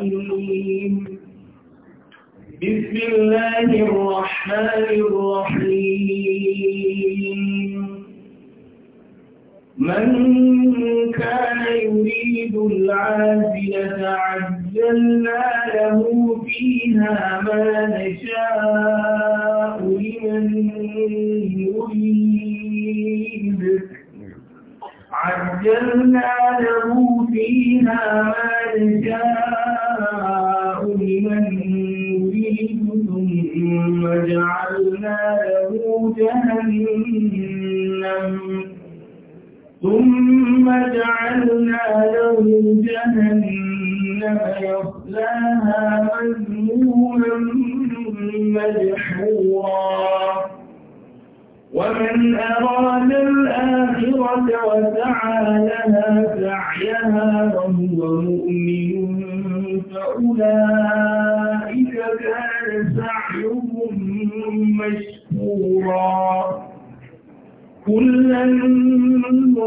الرحيم بسم الله الرحمن الرحيم من كان يريد العاجلة عجلنا له فيها ما نشاء لمن يريد عجلنا له فيها ما نشاء ثم جعلنا له جهنم ثم جعلنا له مذموما مدحورا ومن أراد الآخرة وسعى لها سعيها وهو مؤمن فأولئك كان سعيهم مشكورا كلا نمد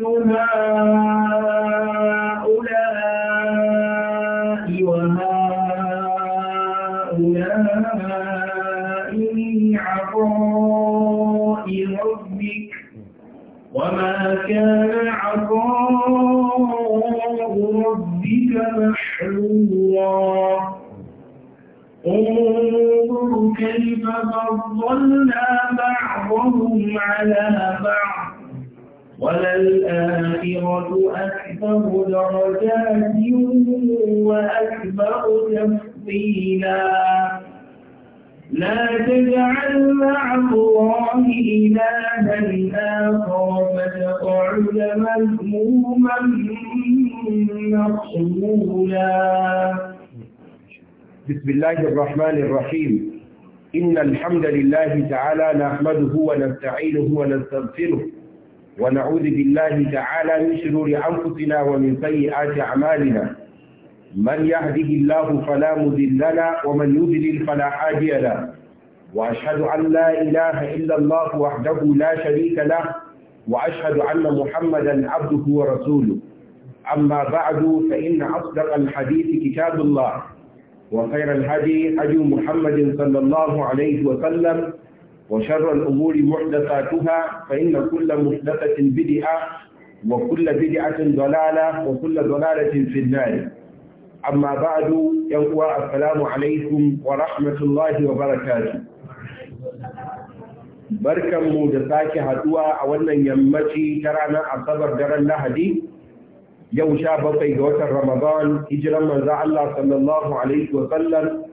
هؤلاء وهؤلاء من عطاء ربك وما كان عطاء لقاء ربك محرورا انظر كيف فضلنا بعضهم على بعض وللآخرة أكبر درجات وأكبر تفضيلا لا تجعل مع الله إلها آخر فتقعد مذموما مقصولا بسم الله الرحمن الرحيم إن الحمد لله تعالى نحمده ونستعينه ونستغفره ونعوذ بالله تعالى من شرور أنفسنا ومن سيئات أعمالنا من يهده الله فلا مذل له ومن يذلل فلا هادي له وأشهد أن لا إله إلا الله وحده لا شريك له وأشهد أن محمدا عبده ورسوله أما بعد فإن أصدق الحديث كتاب الله وخير الهدي هدي محمد صلى الله عليه وسلم وشر الأمور محدثاتها فإن كل محدثة بدعة وكل بدعة ضلالة وكل ضلالة في النار amma ba'du yan uwa assalamu alaikum wa rahmatullahi wa barakatuh barkanmu da sake haduwa a wannan yammaci ta ranar asabar daren lahadi yau sha bakwai ga watan ramadan hijiran manzo Allah sallallahu alaihi wa sallam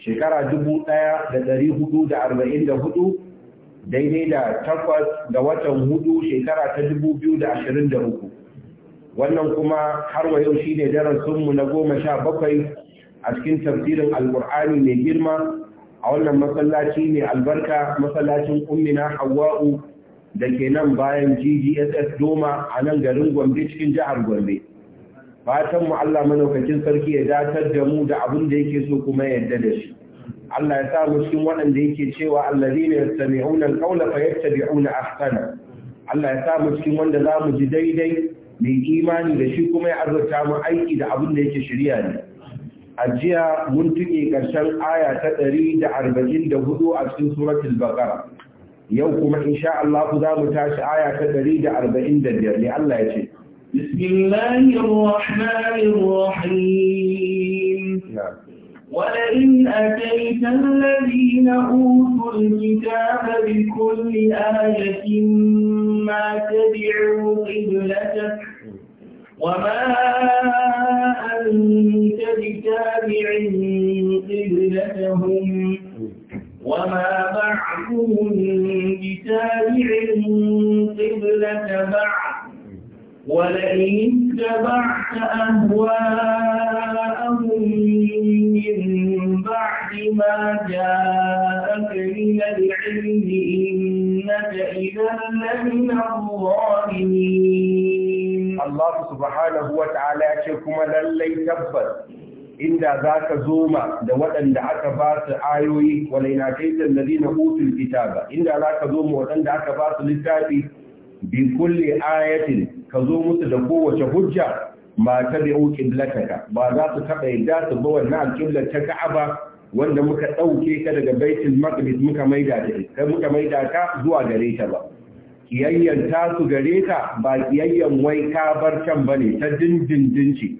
shekara 1444 daidai da takwas ga watan hudu shekara ta 2023 wannan kuma har wa yau shine darasinmu na goma sha bakwai a cikin tafsirin alkur'ani mai girma a wannan masallaci mai albarka masallacin ummina hawa'u da ke nan bayan ggss doma a nan garin gombe cikin jihar gombe Fatanmu mu allah manaukakin sarki ya datar da mu da abin da yake so kuma yadda da shi allah ya sa mu cikin waɗanda yake cewa allazina yastami'una alqawla fayattabi'una ahsana allah ya sa mu cikin wanda za mu ji daidai mai imani da shi kuma ya azurta mu aiki da abin da yake shirya ne a jiya mun tuke ƙarshen aya ta 144 a cikin suratul baqara yau kuma insha Allah ku za mu tashi aya ta 145 ne Allah ya ce bismillahir rahmanir rahim ولئن أتيت الذين أوتوا الكتاب بكل آية ما تبعوا قبلتك وما أنت بتابع قبلتهم وما بعضهم بتابع قبلة بعض ولئن اتبعت أهواءهم من بعد ما جاءك من العلم إنك إذا لمن الظالمين الله سبحانه وتعالى يقول للي تبت inda za ka zoma da waɗanda aka ba su ayoyi walaina kaitan ladina utul kitaba inda za ka zoma waɗanda aka ba su littafi bi kulli ayatin ka zo musu da kowace hujja ma tabi'u qiblataka ba za su taba yadda su bawa wannan qiblar ta Ka'aba wanda muka ɗauke ka daga Baitul Maqdis muka maida da kai muka maida ka zuwa gare ta ba kiyayyan ta su gare ta ba kiyayyan wai ka bar can bane ta dindindinci.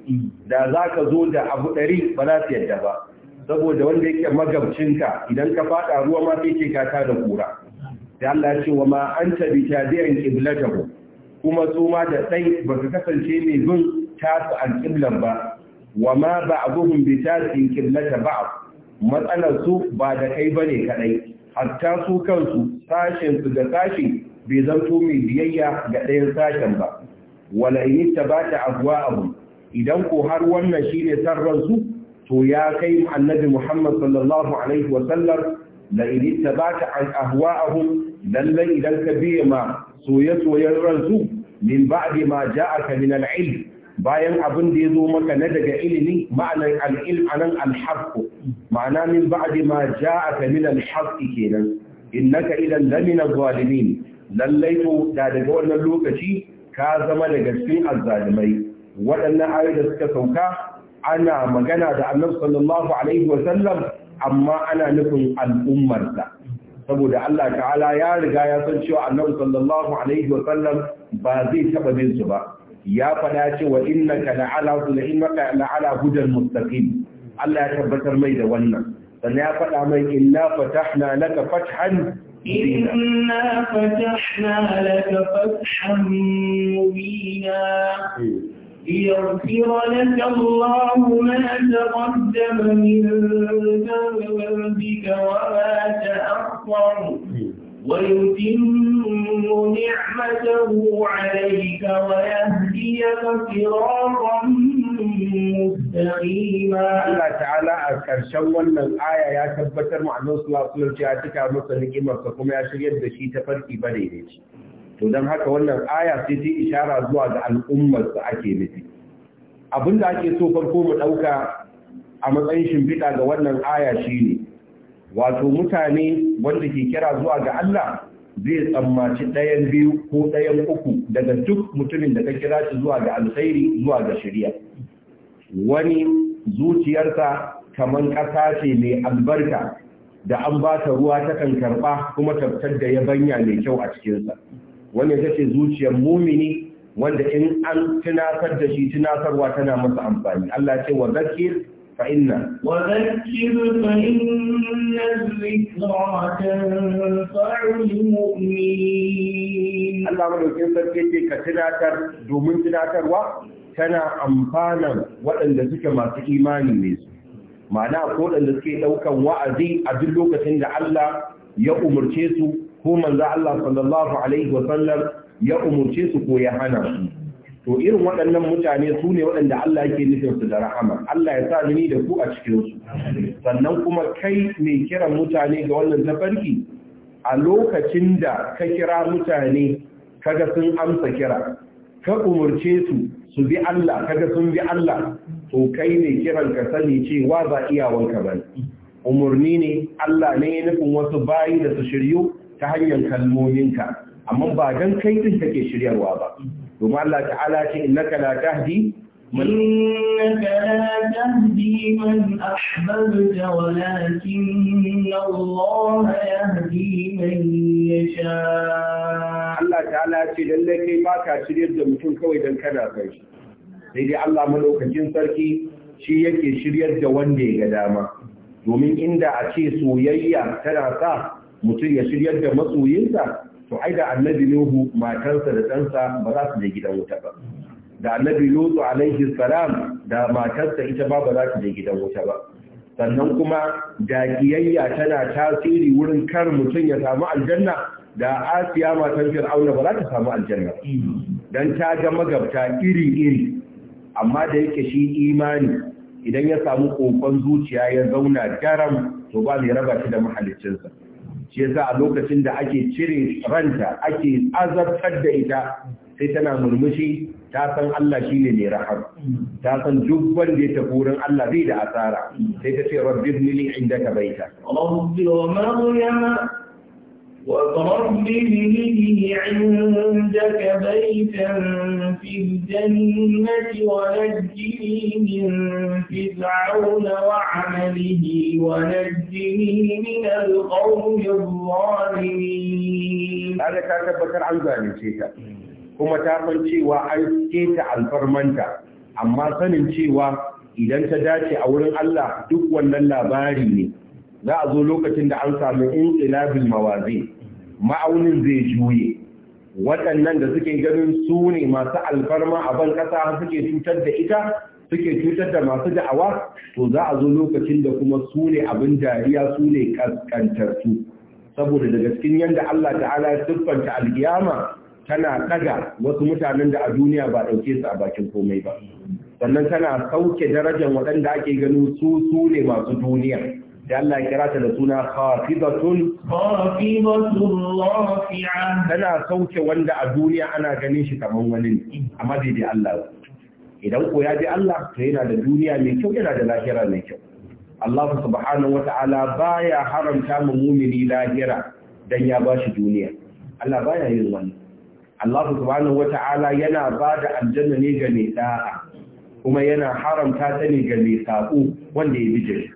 da za ka zo da abu ɗari ba za su yadda ba saboda wanda yake ka idan ka faɗa ruwa ma sai ke ta da kura da Allah ce wa ma anta bi tabi'in qiblatahu kuma su ma da dai baka kasance mai bin tasu an qiblan ba wa ma ba'dhum bi tabi'in qiblata ba'd matsalar su ba da kai bane kadai hatta su kansu sashin su da sashi bai zanto mai biyayya ga ɗayan sashen ba wala in tabata abu? idan ko har wannan shine sarran su to ya kai annabi Muhammad sallallahu alaihi wa sallam la in tabata an ahwa'ahum lallai idan ka biye ma soye-soyen ransu min ba'di ma ja'aka min al-ilm bayan abin da ya zo maka na daga ilimi ma'anar al'ilm a nan alhaƙo ma'ana min ba'adi ma ja a kamilan haƙi kenan In innaka idan lamina ne? lallai to da daga wannan lokaci ka zama daga cikin azzalimai waɗannan ayoyi da suka sauka ana magana da annabi sallallahu alaihi wa sallam amma ana nufin al'ummarsa saboda Allah ta'ala ya riga ya san cewa annabi sallallahu alaihi wa sallam ba zai taba bin su ba ya faɗa cewa innaka la'ala innaka la'ala hudan mustaqim Allah ya tabbatar mai da wannan sannan ya faɗa mai inna fatahna laka fathan inna fatahna laka fathan mubina hmm. ليغفر لك الله ما تقدم من ذنبك وما تأخر ويتم نعمته عليك ويهديك صراطا مستقيما. الله تعالى أذكر شو ان الآية يا سبتر معنوس الله صلى الله عليه وسلم جاءتك يا شريف بشيء تفرقي بني ريش. to don haka wannan aya sai ta ishara zuwa ga al'ummar da ake nufi da ake so farko mu ɗauka a matsayin shimfiɗa ga wannan aya shine wato mutane wanda ke kira zuwa ga Allah zai tsammaci ɗayan biyu ko ɗayan uku daga duk mutumin da ka kira shi zuwa ga alkhairi zuwa ga shari'a wani zuciyarsa kamar ƙasa ce mai albarka da an ba ta ruwa ta kan karɓa kuma tabbatar da yabanya mai kyau a cikinsa wannan ita ce zuciyar mumini wanda in an tunatar da shi tunatarwa tana masa amfani Allah ce wa zakir fa inna wa zakir fa inna dhikra tanfa'ul mu'minin Allah madaukin sarki ce ka tunatar domin tunatarwa tana amfana waɗanda suke masu imani ne su ma'ana ko waɗanda suke ɗaukan wa'azi a duk lokacin da Allah ya umarce su ko manzo Allah sallallahu alaihi wa sallam ya umurce su ko ya hana su to irin waɗannan mutane su ne waɗanda Allah yake nufin su da rahama Allah ya sa ni da ku a cikin su sannan kuma kai mai kiran mutane ga wannan tafarki a lokacin da ka kira mutane kaga sun amsa kira ka umurce su su bi Allah kaga sun bi Allah to kai ne kiran ka sani cewa ba iyawanka bane umurni ne Allah ne ya nufin wasu bayi da su shiryu ta hanyar kalmominka amma ba dan kai din take shiryarwa ba domin Allah ta'ala ce innaka la tahdi إنك لا تهدي من أحببت ولكن الله يهدي من يشاء Allah Ta'ala ce lallai ba ka shiryar da mutum kawai don kana kai shi sai dai Allah malokacin sarki shi yake shiryar da wanda ya ga dama domin inda a ce soyayya tana sa mutum ya shiryar da matsoyinsa to ai da annabi nuhu matarsa da ɗansa ba za su je gidan wuta ba da annabi lutu alaihi salam da matarsa ita ba ba za su je gidan wuta ba sannan kuma da kiyayya tana tasiri wurin kar mutum ya samu aljanna da asiya matan fir'auna ba za ta samu aljanna dan ta ga magabta iri iri amma da yake shi imani idan ya samu kokon zuciya ya zauna garam to ba mai raba shi da mahaliccinsa shi yasa a lokacin da ake cire ranta ake azabtar da ita sai tana murmushi ta san Allah shine mai rahama ta san duk wanda ya tafi wurin Allah zai da asara sai ta ce rabbi ibn li indaka baita Allahu ya واضرب به عندك بيتا في الجنة ونجني من فرعون وعمله ونجني من القوم الظالمين هذا كان تبكر عن ذلك kuma ta san cewa an keta alfarmanta amma sanin cewa idan ta dace a wurin Allah duk wannan labari ne za a zo lokacin da an samu inqilabil mawaze. ma'aunin zai juye waɗannan da suke ganin su ne masu alfarma a ban ƙasa suke cutar da ita suke cutar da masu da'awa to za a zo lokacin da kuma su ne abin dariya su ne kaskantarsu saboda daga cikin yadda Allah ta'ala ya siffanta alkiyama tana ɗaga wasu mutanen da a duniya ba ɗauke su a bakin komai ba sannan tana sauke darajar waɗanda ake ganin su su ne masu duniya da Allah ya kira ta da suna khafidatun khafidatun rafi'a tana sauke wanda a duniya ana ganin shi kamar wani amma dai dai Allah idan ko ya ji Allah to yana da duniya mai kyau yana da lahira mai kyau Allah subhanahu wata'ala baya haramta mu mumini lahira dan ya bashi duniya Allah baya yin wannan Allah subhanahu wata'ala yana da aljanna ne ga mai da'a kuma yana haramta ta ne ga mai sako wanda ya bijire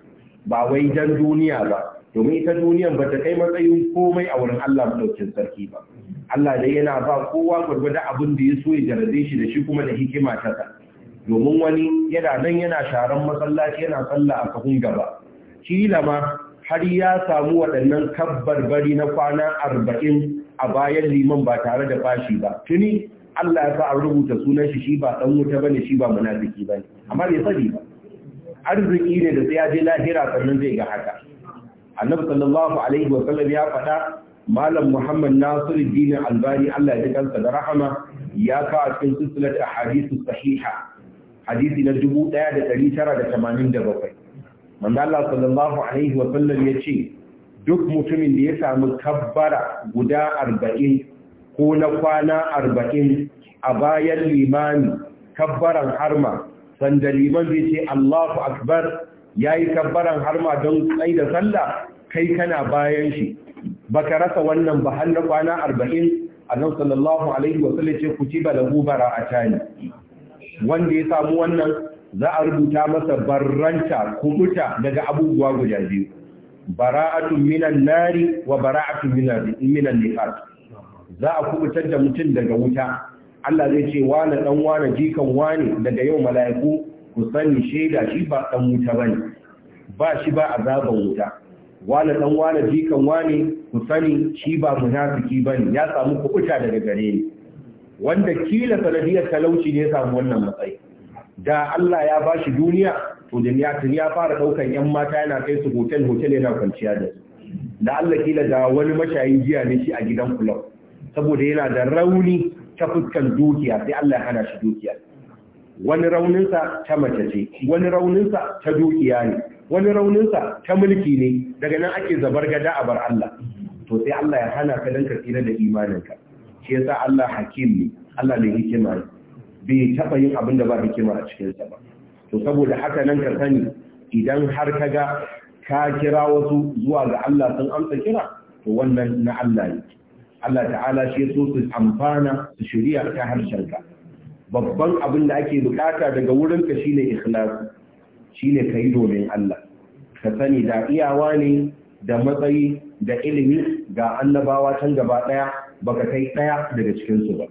ba wai dan duniya ba domin ita duniyan ba ta kai matsayin komai a wurin Allah madaukin sarki ba Allah dai yana ba kowa gurgurda abin da ya so ya jarabe shi da shi kuma da hikima ta sa domin wani yana nan yana sharan masallaci yana sallah a kahun gaba kila ma har ya samu waɗannan kabbar bari na kwana arba'in a bayan liman ba tare da fashi ba tuni Allah ya sa a rubuta sunan shi shi ba ɗan wuta bane shi ba munafiki bane amma bai sani ba arziki ne da sai ya je lahira sannan zai ga haka annabi sallallahu alaihi wa sallam ya faɗa malam muhammad nasiruddin albani Allah ya ji kansa da rahama ya ka a cikin silsilar ahadithu sahiha hadisi na 1987 manzo Allah sallallahu alaihi wa sallam ya ce duk mutumin da ya samu kabbara guda 40 ko na kwana 40 a bayan limani kabbaran harma sanda liman bai ce Allahu akbar yayi kabbaran har ma don tsayi da sallah kai kana bayan shi baka rasa wannan ba har na kwana 40 annabi sallallahu alaihi wa sallam ce kutiba lahu bara'atani wanda ya samu wannan za a rubuta masa barranta kubuta daga abubuwa guda biyu bara'atun minan nari wa bara'atun minan nifas za a kubutar da mutum daga wuta Allah zai ce wane dan wane jikan wane daga yau mala'iku ku sani shaida shi ba dan wuta bane ba shi ba azaban wuta wane dan wane jikan wane ku sani shi ba munafiki bane ya samu kuɓuta daga gare ni wanda kila sanadiyar talauci ne ya samu wannan matsayi da Allah ya ba shi duniya to duniya tun ya fara daukan yan mata yana kai su hotel hotel yana kwanciya da su da Allah kila da wani mashayin jiya ne shi a gidan kulau saboda yana da rauni ta fuskan dukiya sai Allah ya hana shi dukiya wani rauninsa ta mace ce wani rauninsa ta dukiya ne wani rauninsa ta mulki ne daga nan ake zabar gada a bar Allah to sai Allah ya hana ka dan tsira da imaninka shi yasa Allah hakim ne Allah ne hikima ne bai taba yin abin da ba hikima a cikin sa ba to saboda haka nan ka sani idan har ka ga ka kira wasu zuwa ga Allah sun amsa kira to wannan na Allah ne Allah ta'ala shi so su amfana su shirya ta harshen ka babban abin da ake bukata daga wurinka shine ikhlasi shine kai domin Allah ka sani da iyawa ne da matsayi da ilimi ga annabawa can gaba daya baka kai ɗaya daga cikinsu ba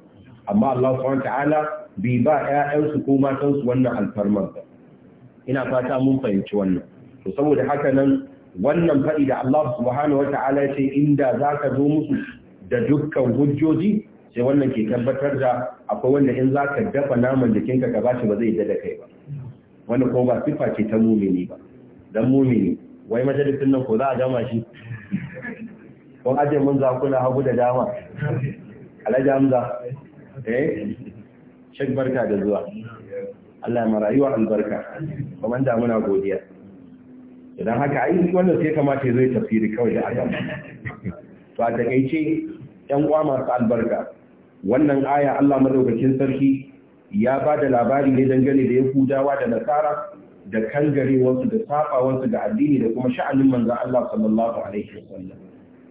amma Allah subhanahu ta'ala bai ba 'ya'yansu ko matansu wannan alfarman ba ina fata mun fahimci wannan to saboda haka nan wannan faɗi da Allah subhanahu wata'ala ya ce inda zaka zo musu da dukkan hujjoji sai wannan ke tabbatar da akwai wanda in za ka dafa naman jikinka ka shi ba zai da kai ba wanda ko ba sifa ce ta mumini ba dan mumini wai majalisin nan ko za a gama shi ko aje mun za kuna hagu da dama alhaji hamza eh shek barka da zuwa Allah ya rayuwa albarka kuma da muna godiya idan haka ai wannan sai kamata ya zo tafsiri kawai da aka to a takeice ‘yan uwa masu albarka wannan aya Allah madaukakin sarki ya ba da labari ne dangane da yahudawa da nasara da wasu da wasu da addini da kuma sha'anin manzan Allah sallallahu alaihi wasallam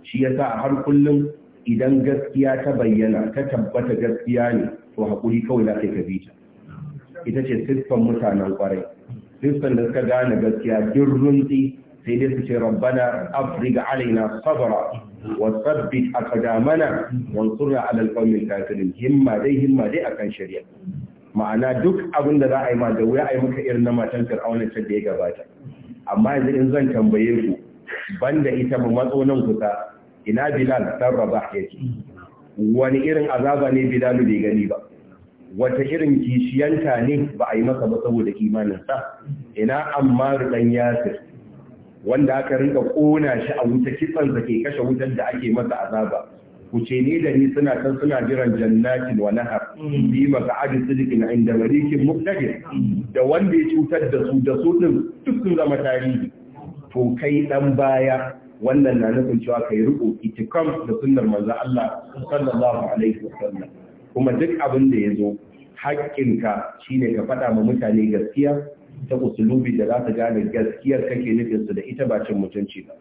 shi yasa a har kullum idan gaskiya ta bayyana ta tabbata gaskiya ne to haƙuri kawai za ka yi kabita ita ce siffan mutanen kwarai siffan da suka gane gaskiya duk runtsi sai dai su ce rabbana afriga alaina sabra wa sabbit aqdamana wansurna ala alqawmil kafirin himma dai himma dai akan shari'a ma'ana duk abin da za a yi ma da wuya a yi maka irin na matan fir'auna ta da ya gabata amma yanzu in zan tambaye ku banda ita mu matso nan kusa ina bilal dan rabah yake wani irin azaba ne bilalu bai gani ba wata irin kishiyanta ne ba a yi maka ba saboda imaninsa ina amma dan yasir wanda aka rinka kona shi a wuta kitsan da ke kashe wutar da ake masa azaba ku ce ni da ni suna kan suna jiran jannatin wa nahar mm. bi maq'adi sidiqin inda malikin muqtadir da wanda ya cutar da su da su din duk sun zama tarihi to kai dan baya wannan na nufin cewa kai riko itikam da sunnar manzo Allah sallallahu alaihi wasallam kuma duk abin da yazo haƙƙinka shine ka faɗa ma mutane gaskiya ta usulubi da za ta gane gaskiyar kake nufinsu da ita ba cin mutunci ba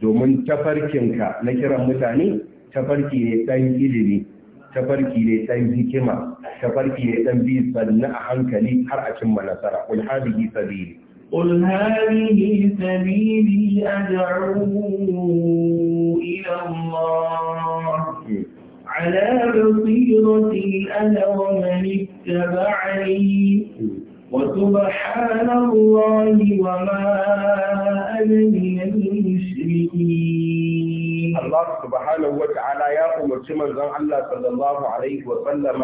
domin tafarkinka na kiran mutane tafarki ne ɗan ilimi tafarki ne ɗan hikima tafarki ne ɗan bi sannan a hankali har a cimma nasara kul hadihi sabili قل هذه سبيلي أدعو إلى الله على بصيرة أنا ومن اتبعني وسبحان الله وما أنا من المشركين الله سبحانه وتعالى يا أمتي من الله صلى الله عليه وسلم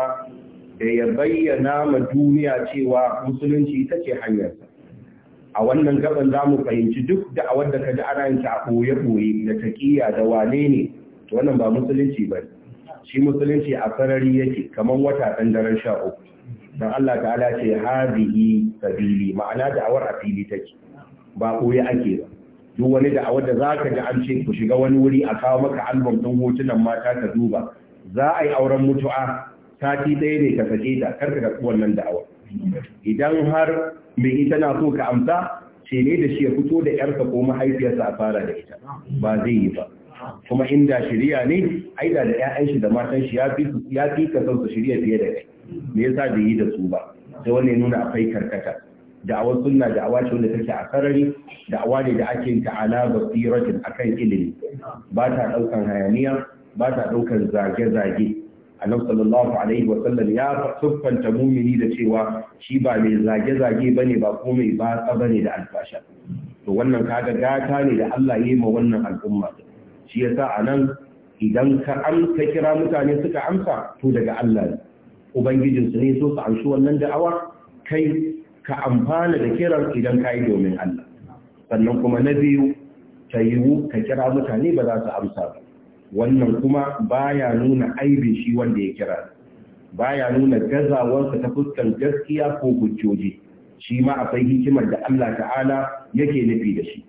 da ya bayyana ma duniya cewa musulunci ita hanyarsa a wannan gaban za mu fahimci duk da a wadda ka ji ana yin a koye-koye da taƙiyya da wane ne to wannan ba musulunci ba shi musulunci a sarari yake kamar wata ɗan daren sha uku dan Allah ta'ala ce hadihi sabili ma'ana da'awar a fili take ba koyi ake ba duk wani da'awar da za ka ji an ce ku shiga wani wuri a kawo maka album ɗin hotunan mata ka duba za a yi auren mutu'a sati ɗaya ne ka sake ta kar ka karɓi wannan da'awar. idan har mai ita na so ka amsa ce ne da shi ya fito da yarsa ko mahaifiyarsa a fara da ita ba zai yi ba kuma inda shirya ne aida da 'ya'yan shi da matan shi ya fi ka son su shirya fiye da kai me yasa bai yi da su ba sai wani ya nuna akwai karkata da'awar sunna da ce wanda take a sarari da'awa ne da ake ta ala basiratin akan ilimi ba ta daukan hayaniya ba ta daukan zage-zage annabi sallallahu alaihi wa sallam ya siffanta mumini da cewa shi ba mai zage-zage bane ba ko mai batsa ne da alfasha to wannan kaga gata ne da Allah ya yi ma wannan al'umma shi yasa anan idan ka amsa kira mutane suka amsa to daga Allah ne ubangijinsu ne so su amshi wannan da'awa kai ka amfana da kiran idan ka yi domin Allah sannan kuma na biyu ta yiwu ka kira mutane ba za su amsa ba wannan kuma baya nuna aibin shi wanda ya kira baya nuna gazawarsa ta fuskan gaskiya ko hujjoji shi ma akwai hikimar da Allah ta'ala yake nufi da shi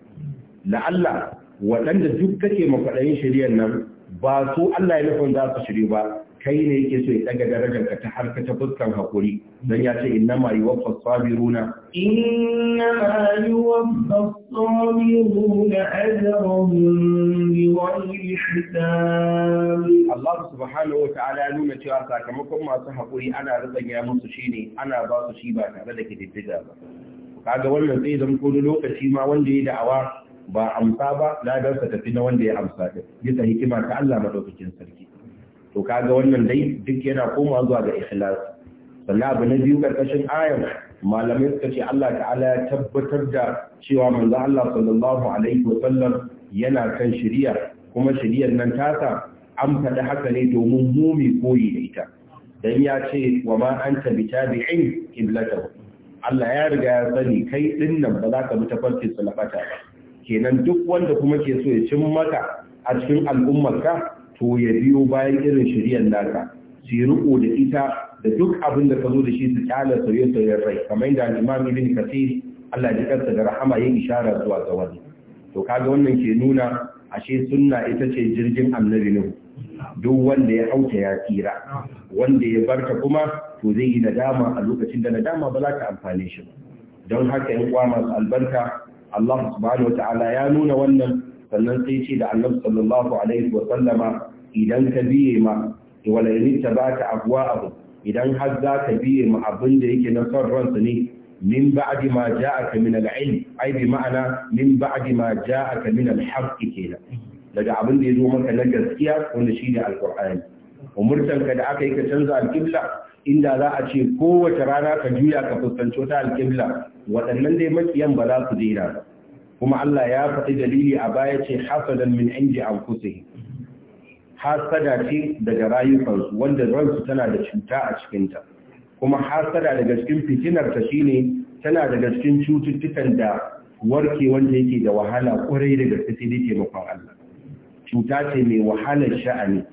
la'alla waɗanda duk kake makwaɗayin shari'ar nan ba su Allah ya nufin za su shiri ba kai ne yake so ya daga darajarka ta harka ta fuskar hakuri dan ya ce inna ma yuwaffa sabiruna inna ma yuwaffa sabiruna ajrahum bighayri hisab Allah subhanahu wa ta'ala ya nuna cewa sakamakon masu hakuri ana rubanya musu shine ana ba su shi ba tare da kididdiga ba kaga wannan zai zama ko lokaci ma wanda ya da'awa ba amsa ba ladarsa tafi na wanda ya amsa din bisa hikima ta Allah madaukakin sarki to kaga wannan dai duk yana komawa zuwa ga ikhlas sannan abu na biyu karkashin ayar malamai suka ce Allah ta'ala ya tabbatar da cewa manzo Allah sallallahu alaihi wasallam yana kan shari'a kuma shari'ar nan ta tasa an faɗi haka ne domin mumi koyi da ita dan ya ce wa ma anta bitabi'in qiblatahu Allah ya riga ya sani kai din nan ba za ka bi tafarkin salafata ba kenan duk wanda kuma ke so ya cin maka a cikin al'ummar ka? to ya biyo bayan irin shari'ar naka su riko da ita da duk abin da ka zo da shi su kyala sauye-sauyen rai kamar yadda imam ibn kasir Allah ji kansa da rahama ya ishara zuwa ga wani to kaga wannan ke nuna ashe sunna ita ce jirgin annabi nuhu duk wanda ya hauta ya tsira wanda ya barka kuma to zai yi nadama a lokacin da nadama ba za ka amfane shi don haka yan kwa masu albarka Allah subhanahu ya nuna wannan sannan sai ce da annabi sallallahu alaihi wa sallama idan ka biye ma wala in tabata abuwa abu idan har za ka biye ma abin da yake na son ransu ne min ba'di ma ja'aka min al-ilm ai bi ma'ana min ba'di ma ja'aka min al-haqq kenan daga abin da ya zo maka na gaskiya wanda shi shine alqur'ani umurtan ka da aka yi ka canza al-qibla inda za a ce kowace rana ka juya ka fuskanci wata al-qibla waɗannan dai makiyan ba za su daina ba kuma Allah ya faɗi dalili a baya ce hasadan min inji an kusa hasada ce daga rayukansu wanda ransu tana da cuta a cikinta kuma hasada daga cikin fitinar ta shine tana daga cikin cututtukan da warke wanda yake da wahala kwarai daga gaske sai dai taimakon Allah cuta ce mai wahalar sha'ani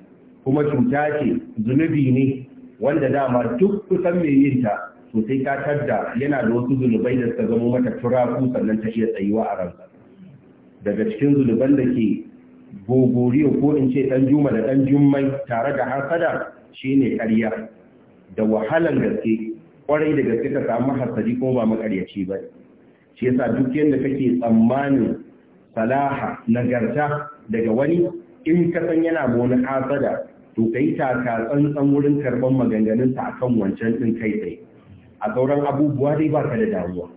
kuma cuta ce zunubi ne wanda dama duk kusan mai yin ta to sai ka tadda yana da wasu zunubai da suka zama mata turaku sannan ta iya tsayuwa a ransa daga cikin zuluban da ke gogoriyo ko in ce dan juma da dan jummai tare da hasada shine ƙarya da wahalan gaske kwarai da gaske ka samu hasadi ko ba makaryaci ba shi yasa duk yanda kake tsammanin salaha nagarta daga wani in ka san yana wani hasada to kai ka tsantsan wurin karban maganganunsa akan wancan din kai tsaye a sauran abubuwa dai ba ka da damuwa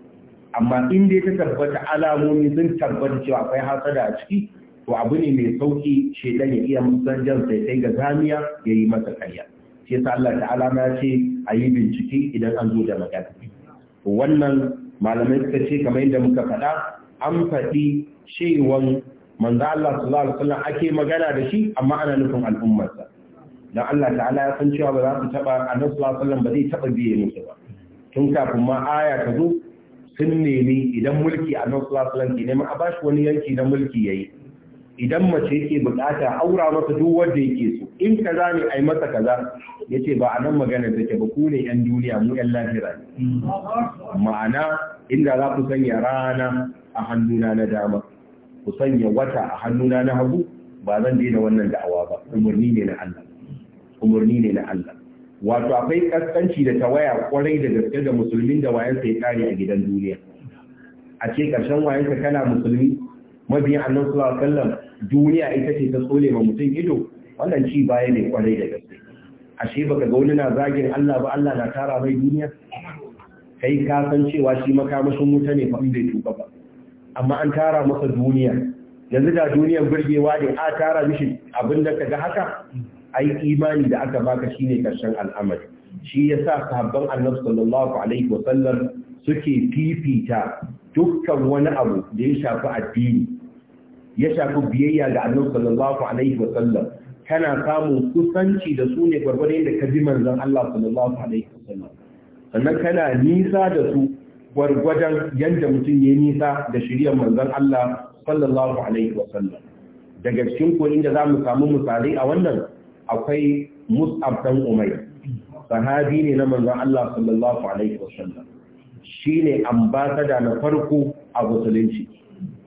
amma in dai ta tabbata alamomi sun tabbata cewa akwai hasada a ciki to abu ne mai sauki shedan ya iya musan jan sai sai ga zamiya ya yi masa karya shi yasa Allah ta'ala na ce a yi bincike idan an zo da magana wannan malamai suka ce kamar yadda muka faɗa an faɗi cewan manzo Allah sallallahu alaihi wasallam ake magana da shi amma ana nufin al'ummarsa dan Allah ta'ala ya san cewa ba za su taba annabi sallallahu alaihi wasallam ba zai taba biye musu ba tun kafin ma aya ta zo sun nemi idan mulki a nan sulasulan ke neman a ba wani yanki na mulki ya yi idan mace yake bukata aura masa duk wanda yake so in kaza ne ai masa kaza yace ba a nan magana take ba ku ne yan duniya mu yan lahira ne ma'ana inda za ku sanya rana a hannuna na dama ku sanya wata a hannuna na hagu ba zan daina wannan da'awa ba umarni ne na Allah umarni ne na Allah wato akwai kaskanci da tawaya kwarai da gaske da musulmin da wayansa ya kare a gidan duniya a ce karshen wayansa kana musulmi mabiyan annabi sallallahu alaihi wasallam duniya ita ce ta tsole ma mutum ido wannan ci baya ne kwarai da gaske ashe baka ga wani na zagin Allah ba Allah na tara mai duniya kai ka san cewa shi makamashin wuta ne fa bai tuba ba amma an tara masa duniya yanzu da duniyar burgewa ne a tara mishi abin da kaga haka ai imani da aka baka shine karshen al'amari shi yasa sahabban annabi sallallahu alaihi wa wasallam suke fifita dukkan wani abu da ya shafi addini ya shafi biyayya ga annabi sallallahu alaihi wa wasallam kana samun kusanci da su ne gwargwadon da ka ji manzon Allah sallallahu alaihi wa wasallam sannan kana nisa da su gwargwadon yadda mutum ya nisa da shirya manzon Allah sallallahu alaihi wa wasallam daga cikin ko inda za mu samu misalai a wannan akwai mus'ab dan sahabi ne na manzon Allah sallallahu alaihi wasallam shine ambasada na farko a musulunci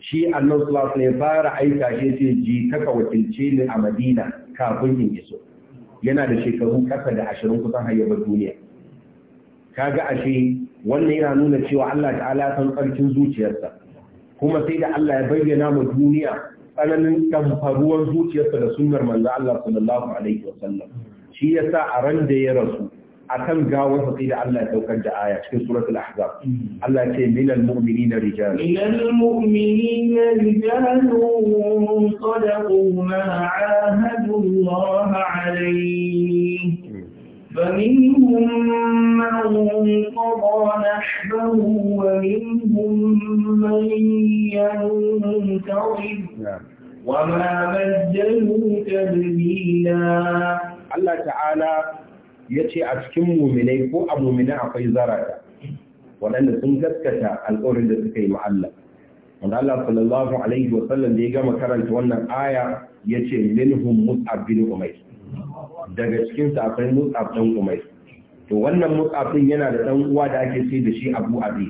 shi annabi sallallahu alaihi fara aika shi ce ji taka wakilce ni a Madina kafin in iso yana da shekaru kasa da 20 kusan hayyabar duniya kaga ashe wannan yana nuna cewa Allah ta'ala san tsarkin zuciyarsa kuma sai da Allah ya bayyana mu duniya tsananin kamfaruwar zuciyarsa da sunnar manzo Allah sallallahu alaihi wasallam shi yasa a ran da ya rasu akan gawarsa sai da Allah ya daukar da aya cikin suratul ahzab Allah ya ce minal mu'minina rijal minal mu'minina rijalun sadaqu ma ahadu Allah alayhi فمنهم من قضى نحبه ومنهم من ينتظر وما بدلوا تبديلا Allah ta'ala ya ce a cikin muminai ko a muminai akwai zarata waɗanda sun gaskata alƙawarin da suka yi ma Allah. Wanda Allah sallallahu Alaihi wasallam da ya gama karanta wannan aya ya ce minhum mus'ab bin umair daga cikin sa akwai mus'ab ɗan umai to wannan mutsafin yana da ɗan uwa da ake ce da shi abu aziz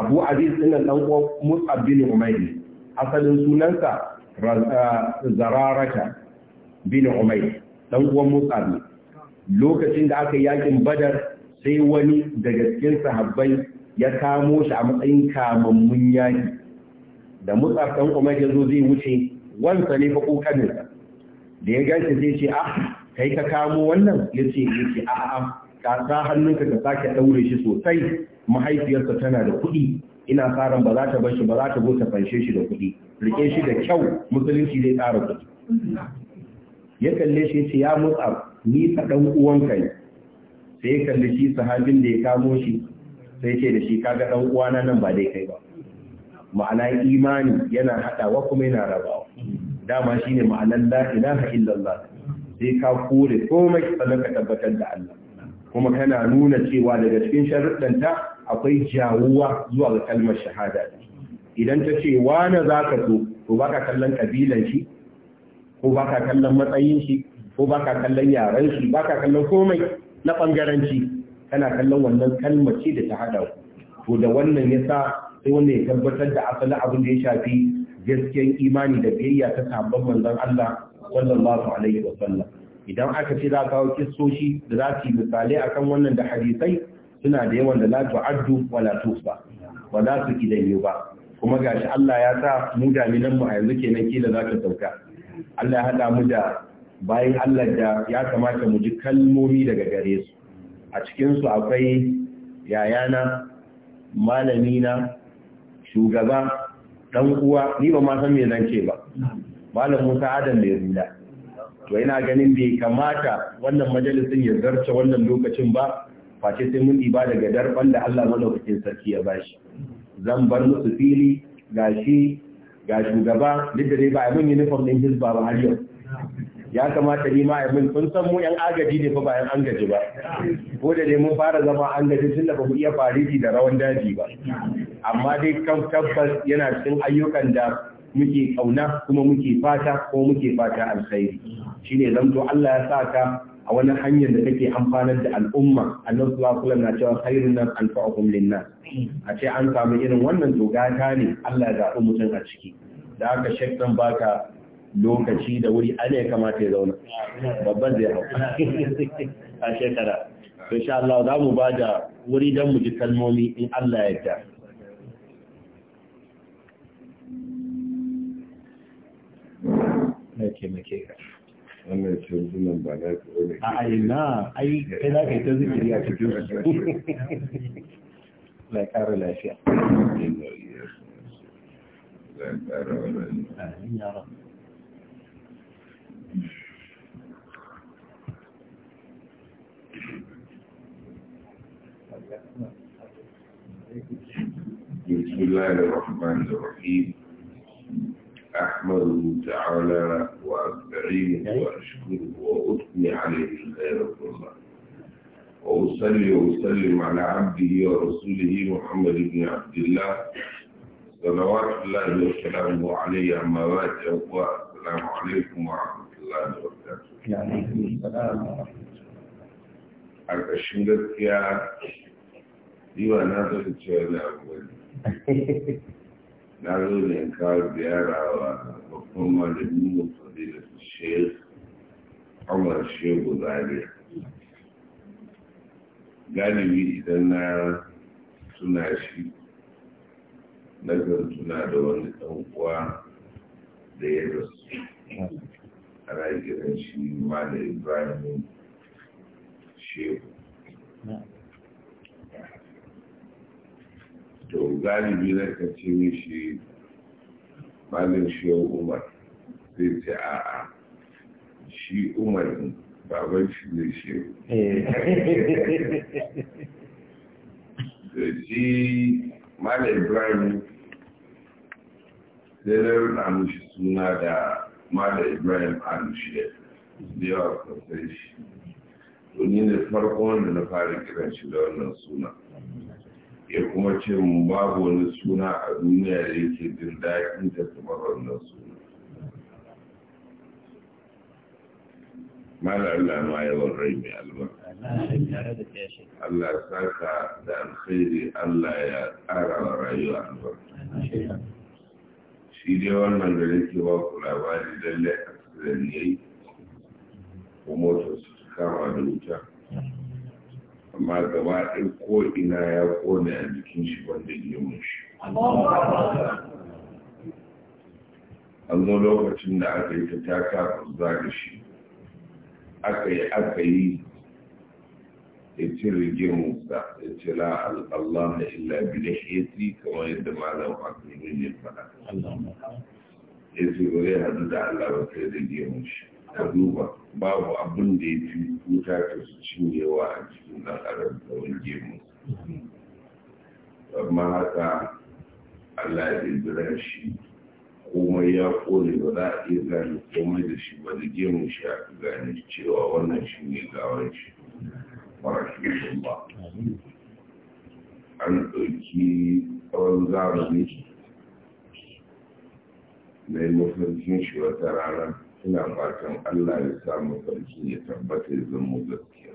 abu aziz din ɗan uwa mutsaf bin umai asalin sunansa ah, zararraka bin umai ɗan uwan mutsaf ne lokacin da aka yakin badar sai wani daga cikin sahabbai ya kamo shi a matsayin kamammun yaki da mutsaf ɗan umai ya zo zai wuce wansa ne fa ƙoƙarinsa da ya gashi zai ce ah kai ka kamo wannan ya ya ce ce a a'a ka sa hannunka ka sake ɗaure shi sosai mahaifiyarsa tana da kuɗi ina sa ran ba za ta bar shi ba za ta zo ta fanshe shi da kuɗi rike shi da kyau musulunci zai tsara kuɗi ya kalle shi ce ya mutsa ni fa dan uwanka ne sai ya kalli shi sahabin da ya kamo shi sai ce da shi kaga dan uwana nan ba dai kai ba ma'ana imani yana haɗawa kuma yana rabawa dama shine ma'anar la ilaha illallah sai ka kore komai sannan ka tabbatar da Allah kuma kana nuna cewa daga cikin sharuɗanta akwai jawuwa zuwa ga kalmar shahada idan ta ce wane za ka so to baka kallon kabilan shi ko baka kallon matsayin shi ko baka kallon yaren shi baka kallon komai na ɓangaranci, kana kallon wannan kalmar ce da ta haɗa ku to da wannan yasa sai wanda ya tabbatar da asalin abin da ya shafi gaskiyar imani da biyayya ta sabon manzon Allah sallallahu alaihi wa sallam idan aka ce za kawo kissoshi da za su yi misalai akan wannan da hadisai suna da yawan da la tu'addu wa la tuhsa ba za su kidanyo ba kuma gashi Allah ya sa mu minan mu a yanzu kenan kila za ka sauka Allah ya hada mu da bayan Allah da ya kamata mu ji kalmomi daga gare su a cikin su akwai yayana malamina shugaba dan uwa ni ba ma san me zan ce ba malam musa adam ya rula to ina ganin bai kamata wannan majalisin ya zarce wannan lokacin ba face sai mun ɗiba daga darban da Allah madaukakin sarki ya bashi zan bar musu fili gashi ga shugaba duk da dai ba a min uniform din hizba ba har yau ya kamata ni ma a mun sun san mu yan agaji ne fa bayan an gaji ba ko da dai mun fara zama an gaji tun da ba iya fariji da rawan daji ba amma dai kan tabbas yana cikin ayyukan da muke kauna kuma muke fata ko muke fata alkhairi shine zanto Allah ya sa ka a wani hanyar da kake amfanar da al'umma annabi sallallahu alaihi na cewa khairun nas anfa'uhum linnas a ce an samu irin wannan dogata ne Allah ya zaɓi mutum a ciki da haka shek baka lokaci da wuri ana ya kamata ya zauna babban zai hau a shekara insha Allah za mu ba da wuri don mu ji kalmomi in Allah ya yarda ya taimake ba na a ai kai za ka yi ta zikiri a cikin su kara lafiya بسم الله الرحمن الرحيم أحمده تعالى وأتبعيه يعني؟ وأشكره وأثني عليه الخير والله وأصلي وأسلم على عبده ورسوله محمد بن عبد الله صلوات الله وسلامه عليه أما بعد السلام عليكم ورحمة الله وبركاته. وعليكم السلام ورحمة الله. أكشن يا ديوانا تلتشي na zo ne kawo ziyara wa babban malamin mu fadilar shek Umar Shehu Zaria. Galibi idan na tuna shi na tuna da wani ɗan da ya rasu ana kiran shi Malam Ibrahim Shehu. to galibi na kace ce shi, malin shiyar umar zai ce a shi umar baban shi ne shi da shi malin ibrahim sai na rana mushi suna da malin ibrahim alushiyar da yawa sosai shi domin ne farko wanda na fara kiran shi da wannan suna ya kuma ce mu babu wani suna a duniya da yake jin daɗin da kamar wannan suna mala Allah ma yawan rai mai albarka Allah saka da alkhairi Allah ya ƙara wa rayuwa albarka shi dai wannan da yake ba ku labari lallai a tsirin yayi Kuma motar su kama da wuta amma gaba ɗin ko ina ya kone a jikin shi wanda gemun shi an zo lokacin da aka yi ta taka zaga shi aka yi aka yi ya cire gemunsa ya ce la Allah na illa bilahiyati kamar yadda malam akwai ne faɗa ya ce ba zai hadu da Allah ba sai da gemun shi ta duba babu abin da ya fi wuta ta su cinyewa a cikin ɗan adam da wani gemu amma haka allah ya shi komai ya kone ba za a iya gani komai da shi ba da gemu shi a fi gani cewa wannan shi ne gawar shi mara shi ba an ɗauki tsawon zamani na yi mafarkin shi wata rana ina fatan Allah ya samu farki ya tabbata ya zama gaskiya.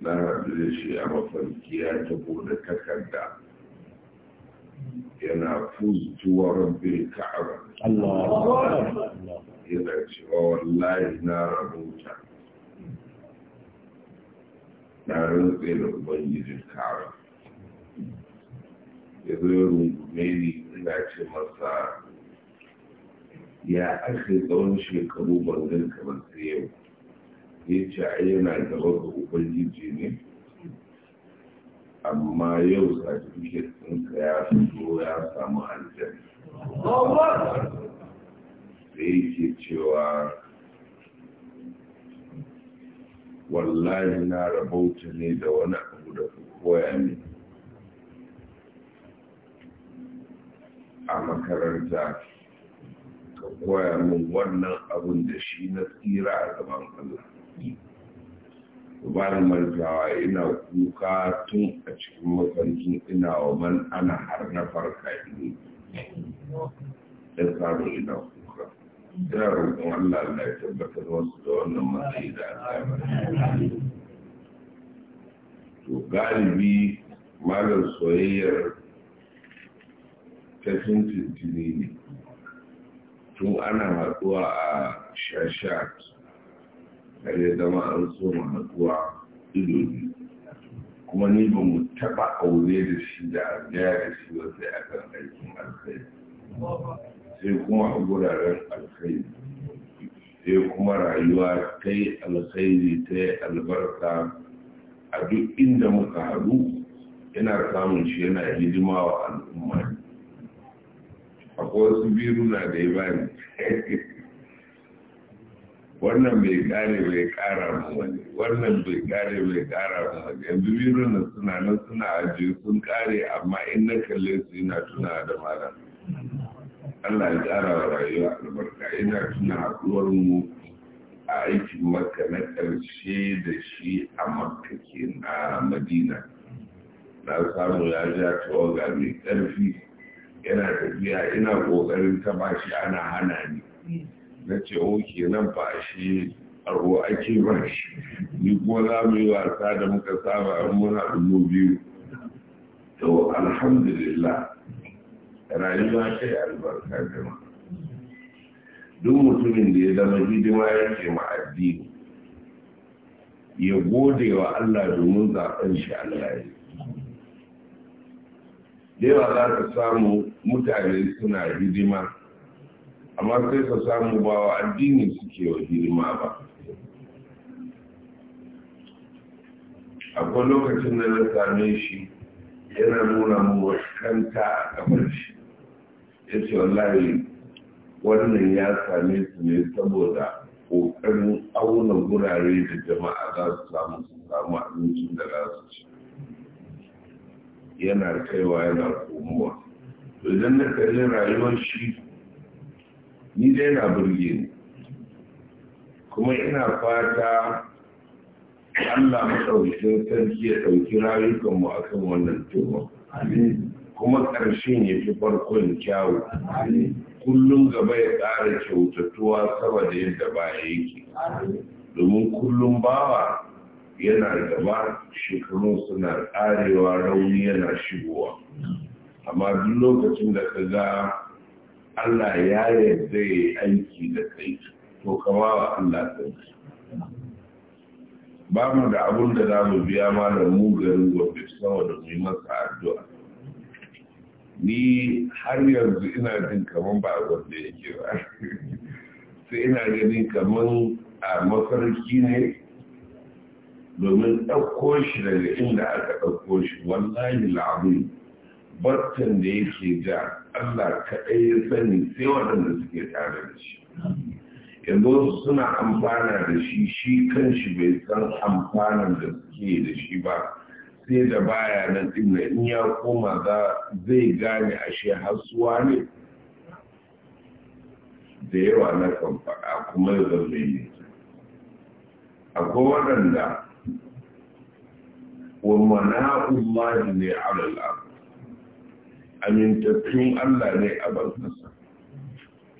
Na haɗu da shi a mafarki ya tabo da takarda yana fuzuwar bai ka'aba. Yana cewa wallahi na rabuta. Na rantse da Ubangijin ka'aba. Ya zo ya rungume ni ina ce masa ya aka tsawon shekaru ban kamar sai yau ya ce a yana gaba ga ubangiji ne amma yau certificate ɗinka ya fito ya samu aljan da yake cewa wallahi na rabauta ne da wani abu da koya ne a makaranta ka koya min wannan abin da shi na tsira a gaban Allah bani mantawa ina kuka tun a cikin mafarkin ina wa man ana har na farka ne ɗan samun ina kuka ina roƙon Allah Allah ya tabbatar wasu da wannan matsayi da to galibi malar soyayyar ta tuntun ne tun ana haɗuwa a shasha har zama an so ma haɗuwa ido kuma ni ba mu taɓa aure da shi da gaya da shi ba sai a kan aikin alkai sai kuma a guraren alkai sai kuma rayuwa ta yi alkhairi ta yi albarka a duk inda muka haɗu yana samun shi yana hidima wa al'umma akwai wasu biruna da ya bani wannan bai kare bai kara mu wani wannan bai kare bai kara mu wani yanzu biruna suna nan suna ajiye sun kare amma in na kalle su ina tuna da mara Allah ya kara wa rayuwa albarka ina tuna haɗuwar mu a aikin makka na ƙarshe da shi a makakin ke na madina na samu ya ja tawaga mai ƙarfi yana tafiya ina ƙoƙarin taba shi ana hana ni na ce oke nan ba shi aro ake ba shi ni kuma za mu yi wasa da muka saba a muna dubu biyu to alhamdulillah rayuwa ta yi albarka jama duk mutumin da ya zama hidima ya ma addini ya gode wa Allah domin zaɓen shi Allah ya yawa za ka samu mutane suna hidima amma sai ka samu ba wa addini suke wa hidima ba akwai lokacin da na same shi yana nuna mu kanta a kamar shi ya ce wallahi wannan ya same su ne saboda ƙoƙarin auna gurare da jama'a za su samu su samu abincin da za su ci yana kaiwa yana komowa idan na kalli rayuwar shi ni dai na burge ni kuma ina fata Allah maɗaukin sarki ya ɗauki rayukanmu a kan wannan tuma kuma ƙarshen ya fi farkon kyawu kullum gaba ya ƙara kyautatuwa saboda yadda ba yake domin kullum bawa yana gaba shekaru suna karewa rauni yana shigowa amma duk lokacin da ka ga Allah ya yadda ya yi aiki da kai to kama wa Allah sarki ba mu da abun da za mu biya ma da mu garin gobe sama da muhimman masa addu'a ni har yanzu ina jin kaman ba wanda yake ba sai ina ganin kaman a mafarki ne domin ɗauko shi daga inda aka ɗauko shi wallahi la'abin bartan da yake da, Allah kaɗai ya sani sai waɗanda suke tare da shi yanzu suna amfana da shi shi kan shi bai san amfana da suke da shi ba sai da baya nan ɗin in ya koma za zai gane ashe hasuwa ne da yawa na kan faɗa kuma zan mai akwai waɗanda wa ne alal abu amintattun Allah ne a bankasa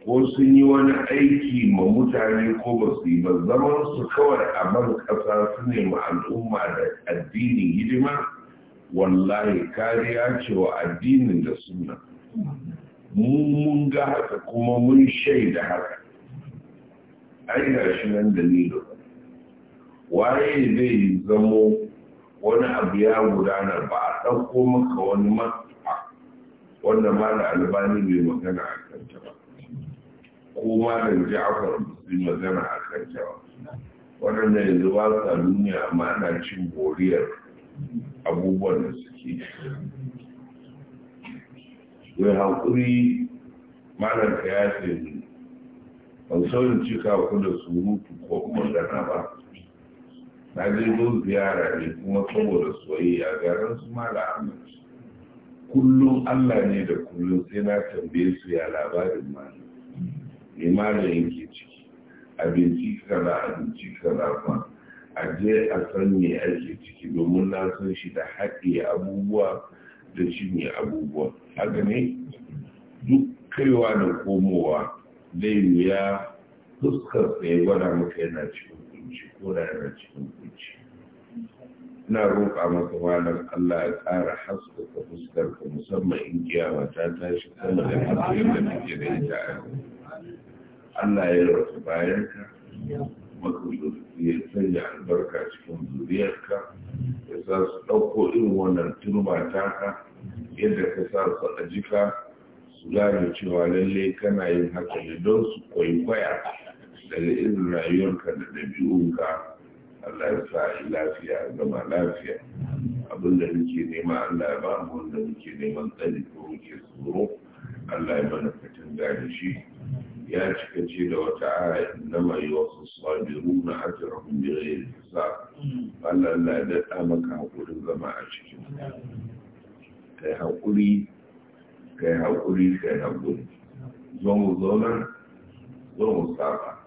ko sun yi wani aiki ma mutane ko ba su yi ba zaman su kawai a bankasa su ne ma al'umma da addinin hidima wallahi kariya cewa wa addinin da suna mun ga haka kuma mun shaida haka ai ga shi nan dalilin waye zai zamo wani abu ya gudana ba a ɗauko maka wani matsala wanda ma da albani bai magana a kanta ba ko malam ja'far bai magana a kanta ba waɗanda yanzu ba sa duniya amma ana cin boriyar abubuwan da suke wai haƙuri malam ya ce ban sauyin cika ku da surutu ko magana ba na je zo ziyara ne kuma saboda soyayya garin su da aminci kullum Allah ne da kullum sai na tambaye su ya labarin ma. ne da ciki abinci kaza abinci kaza fa a je a san me ake ciki domin na san shi da haɗe abubuwa da shi ne abubuwa haka ne duk kaiwa da komowa zai ya fuskar tsaye gwada maka yana cikin kunci ko yana cikin kunci ina roƙa maka malam Allah ya ƙara haska ka fuskar ka musamman in kiyama ta tashi kuma da hasken da take da ita a yau Allah ya rasu bayan maka maka ya sanya albarka cikin zuriyarka ya sa su ɗauko irin wannan turba taka yadda ka sa su a jika su gane cewa lallai kana yin haka ne don su kwaikwaya daga irin rayuwarka da ɗabi'unka Allah ya sa yi lafiya gama lafiya abin da muke nema Allah ya ba mu wanda muke neman tsari ko muke tsoro Allah ya mana fitin da shi ya cika ce da wata aya na mai wasu sabiru na ajiyar da ya yi sa Allah Allah ya daɗa maka haƙurin zama a cikin kai haƙuri kai haƙuri kai haƙuri zo mu zauna zo mu saba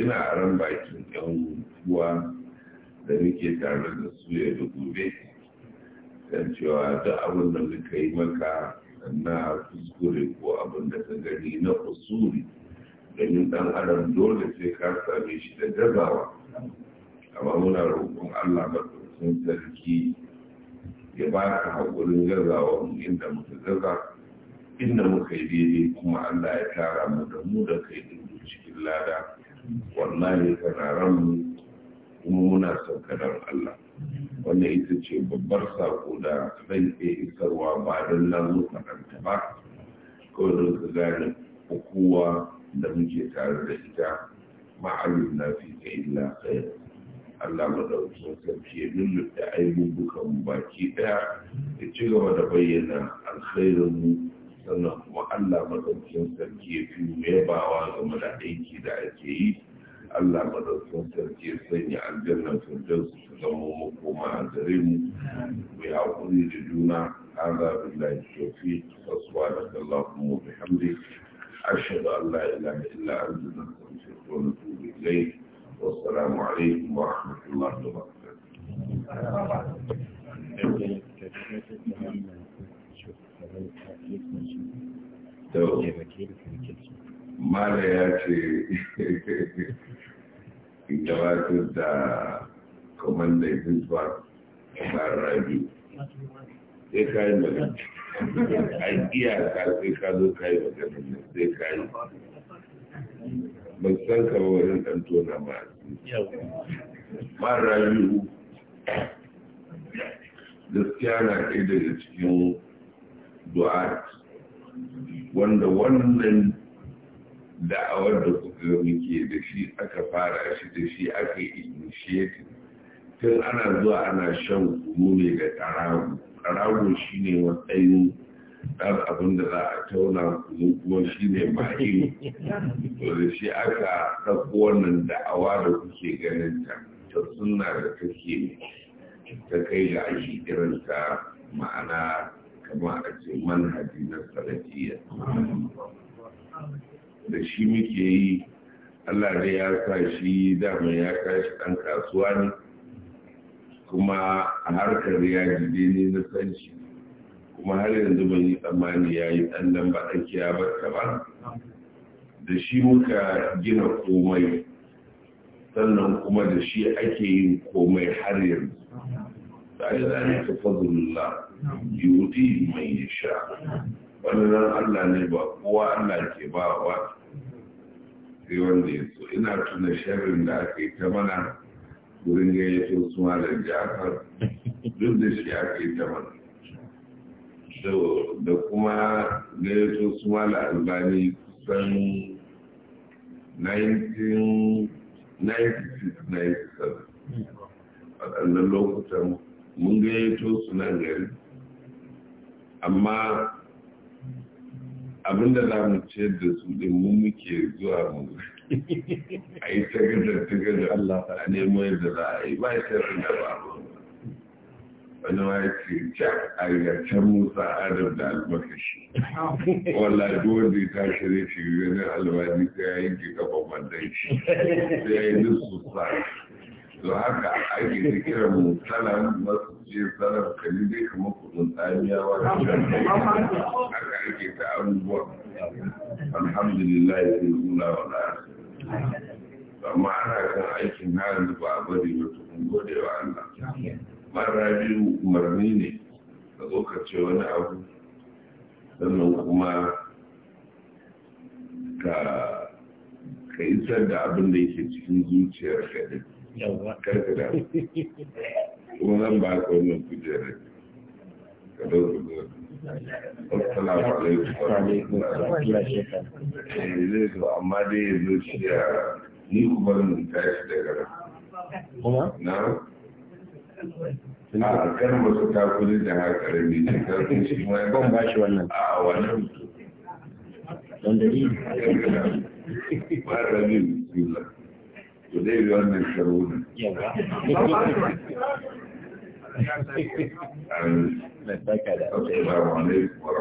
ina ran bakin yan uwa da muke tare da su ya da gobe don cewa duk abin da muka yi maka na kuskure ko abin da ka gani na usuri ganin dan adam dole sai ka same shi da gazawa amma muna roƙon Allah maɗaukakin sarki ya ba ka haƙurin gazawa inda muka gaza inda muka yi daidai kuma Allah ya tara mu da mu da kai duk cikin lada wallahi kana mu kuma muna sauka Allah Wannan ita ce babbar sako da zan iya isarwa ba don na faɗanta ba kawai don ka gane kowa da muke tare da ita ma'alin na fi ka illa kai Allah madaukakin sarki ya da aibubukan baki ɗaya ya ci gaba da bayyana alkhairinmu sannan kuma Allah madaukakin sarki ya fi yabawa game da aiki da ake yi Allah madaukakin sarki ya sanya aljanna firdaus su zama makoma a gare mu mu haƙuri da juna هذا بالله التوفيق فسبحانك اللهم وبحمدك أشهد أن لا إله إلا أنت نستغفرك ونتوب إليك والسلام عليكم ورحمة الله mala ya ce gabatar da kwamandan hizba a rabi sai ka magana a iyaka sai ka zo ka yi magana sai ka magana ban san ka wajen ɗan tona ba ma rabi gaskiya na ɗaya daga cikin du'a wanda wannan da'awar da kuka muke da shi aka fara shi da shi aka initiating tun ana zuwa ana shan kuru ne da ƙarago ƙarago shi ne matsayin ɗan abin da za a tauna kuru kuma shi ne ma'iru to da shi aka ɗauko wannan da'awa da kuke ganin ta ta suna da take ta kai da ake kiranta ma'ana kama a ce manhaji na salafiyya da shi muke yi Allah dai ya sa shi dama ya kashi ɗan kasuwa ne kuma a harkar ya jide ne na san shi kuma har yanzu ban yi tsammani ya yi ɗan lamba ɗakiya ba ta ba da shi muka gina komai sannan kuma da shi ake yin komai har yanzu da ya zane ta yuti mai yasha wannan Allah ne ba kowa Allah ke ba wa sai wanda ya so ina tuna sharin da aka yi ta mana wurin gayyato su da jafar duk da shi aka yi ta mana da kuma gayyato su da albani kusan 1996-97 waɗannan lokutan mun gayyato su nan gari amma abinda za mu ce da su ɗin mun muke zuwa mu a yi tagadar-tagadar a nemo yadda za a yi ba ya tarin da ba wani wa ya ce ja a yace musa adam da albarkashi wala dole ta shirye shi ganin albani ta yanki kafa bandanci ta yi nusu sa'a to haka ake da kira mu salam masu ce salam kalli dai kamar kudin tsamiya da haka ake ta abubuwa alhamdulillah ya yi nuna wa na amma ana kan aikin halin ba a bari ba tukun gode wa Allah mara biyu umarni ne ka zo wani abu sannan kuma ka ka isar da abin da yake cikin zuciyar ka ne karka da kuma zan ba ka wannan kujerar ka dauka zuwa assalamu alaikum wa rahmatullahi eh, wa amma dai yanzu shi ya ni kuma mun tashi daga nan kuma na a kan masu takuri da haka ne ta karfin shi ma ban ba shi wannan a wannan don dalili ba rabi bismillah to dai bi wannan sharuna Assalamu alaikum wa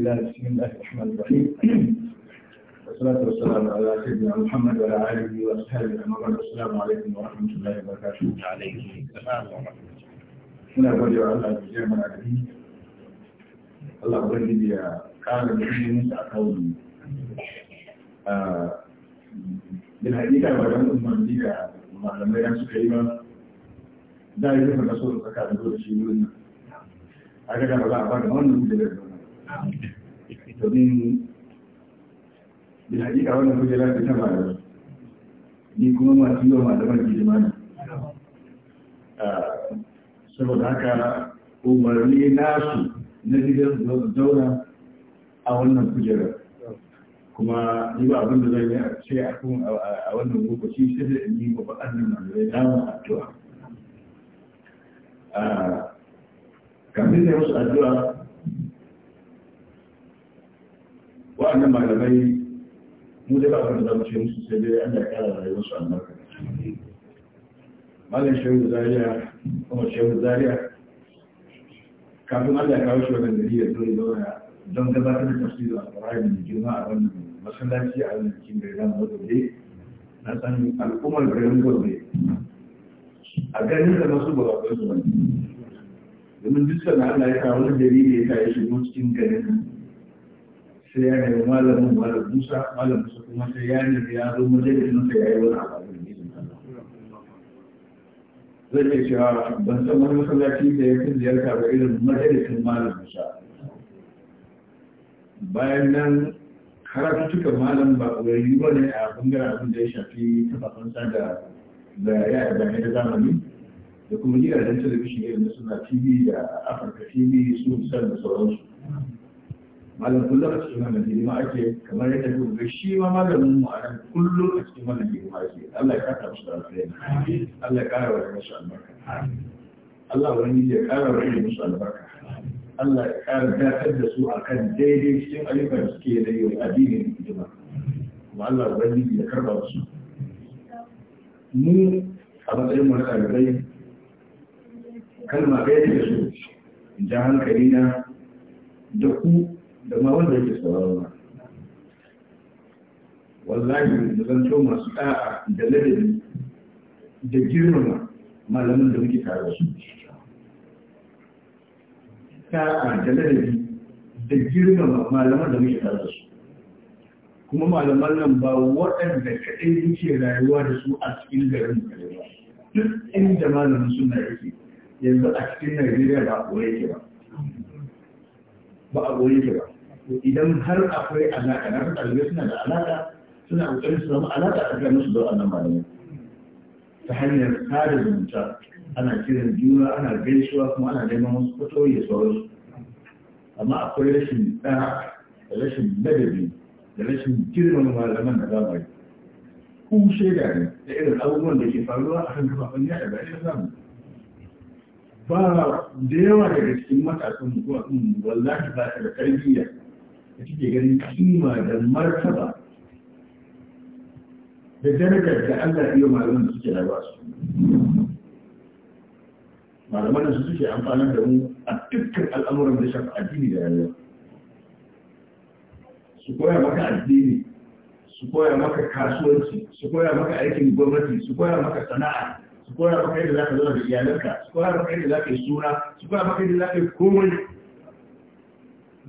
الله بسم الله الرحمن الرحيم والصلاة والسلام على سيدنا محمد وعلى آله وأصحابه أجمعين السلام عليكم ورحمة الله وبركاته وعليكم السلام ورحمة الله هنا بدي أقول الله جزاه من عبدي الله بدي يا كان بدي نسعى كون بالحقيقة بدي أقول من دي ما لم يكن سكيما دائما رسول الله صلى الله عليه وسلم أجمعين الله بدي أقول من domin da hakika wannan kujera ta da ni kuma ah, saboda haka umarni nasu na gidan zauna a wannan kujerar kuma yi ba abin da zai yi a ce a kun a wannan lokaci sai da yi ba waɗannan malamai dama addu'a ah, kafin da wasu addu'a wa'annan malamai mu dai ba ka da zamu ce musu sai dai an ya kara rayuwar su albarka malam shehu zaria kuma shehu zaria kafin Allah ya kawo shi wannan gari ya zo ya zauna don gabatar da tafsirin alƙur'ani da girma a wannan masallaci a wannan cikin gari zamu gobe na san al'ummar garin gobe a ganin da masu ba ba su ba domin duk sana Allah ya kawo wani dalili ya sa shugaban cikin garin sai ya nemi malamin malam musa malam musa kuma sai ya ne ya zo na sai ya yi wani abu da ne zai ke cewa ban san wani masallaci da ya fi ziyarta ba irin majalisun malam musa bayan nan karatuttukan malam ba yi ba ne a bangaren abin da ya shafi kafafen sada da ya da da zamani da kuma gidajen talabishin irin na suna tv da afirka tv su misal da sauransu malam kullum a cikin wannan girma ake kamar yadda ku ga shi ma malamin mu a nan kullum a cikin wannan girma ake Allah ya kara musu alheri Allah ya kara wa shi albarka Allah wani ya kara wa shi albarka Allah ya kara dakatar da su akan daidai cikin ayyukan da suke da yau addinin hidima kuma Allah wani ya karba su mu a matsayin mu na ɗalibai kalma ɗaya da su in ja hankali na da ku da ma wanda yake sauraro na wallahi da zanto masu da'a da ladabi da girma malamin da muke tare da su da'a da ladabi da girma malamin da muke tare da su kuma malaman nan ba waɗanda kaɗai muke rayuwa da su a cikin garin kare ba duk inda malamin suna yake yanzu a cikin najeriya ba a koye ke ba ba a koye ke ba idan har akwai alaƙa na ta ɗalibai suna da alaƙa suna ƙoƙarin su zama alaƙa a kan musu da wannan malamai ta hanyar sada zumunta ana kiran juna ana gaisuwa kuma ana neman wasu fatoyi da sauransu amma akwai rashin ɗa da rashin ladabi da rashin girman malaman da zamani ku shaida ne da irin abubuwan da ke faruwa a kan kafafen yada ake samu. ba da yawa daga cikin matasan mu kuma wallahi ba ta da tarbiyya da suke ganin kima da martaba da darajar da Allah iya malaman da suke rayuwa su malaman da su suke amfanar da mu a dukkan al'amuran da shafi addini da rayuwa su koya maka addini su koya maka kasuwanci su koya maka aikin gwamnati su koya maka sana'a su koya maka yadda za ka zama da iyalanka su koya maka yadda za ka yi suna su koya maka yadda za ka yi komai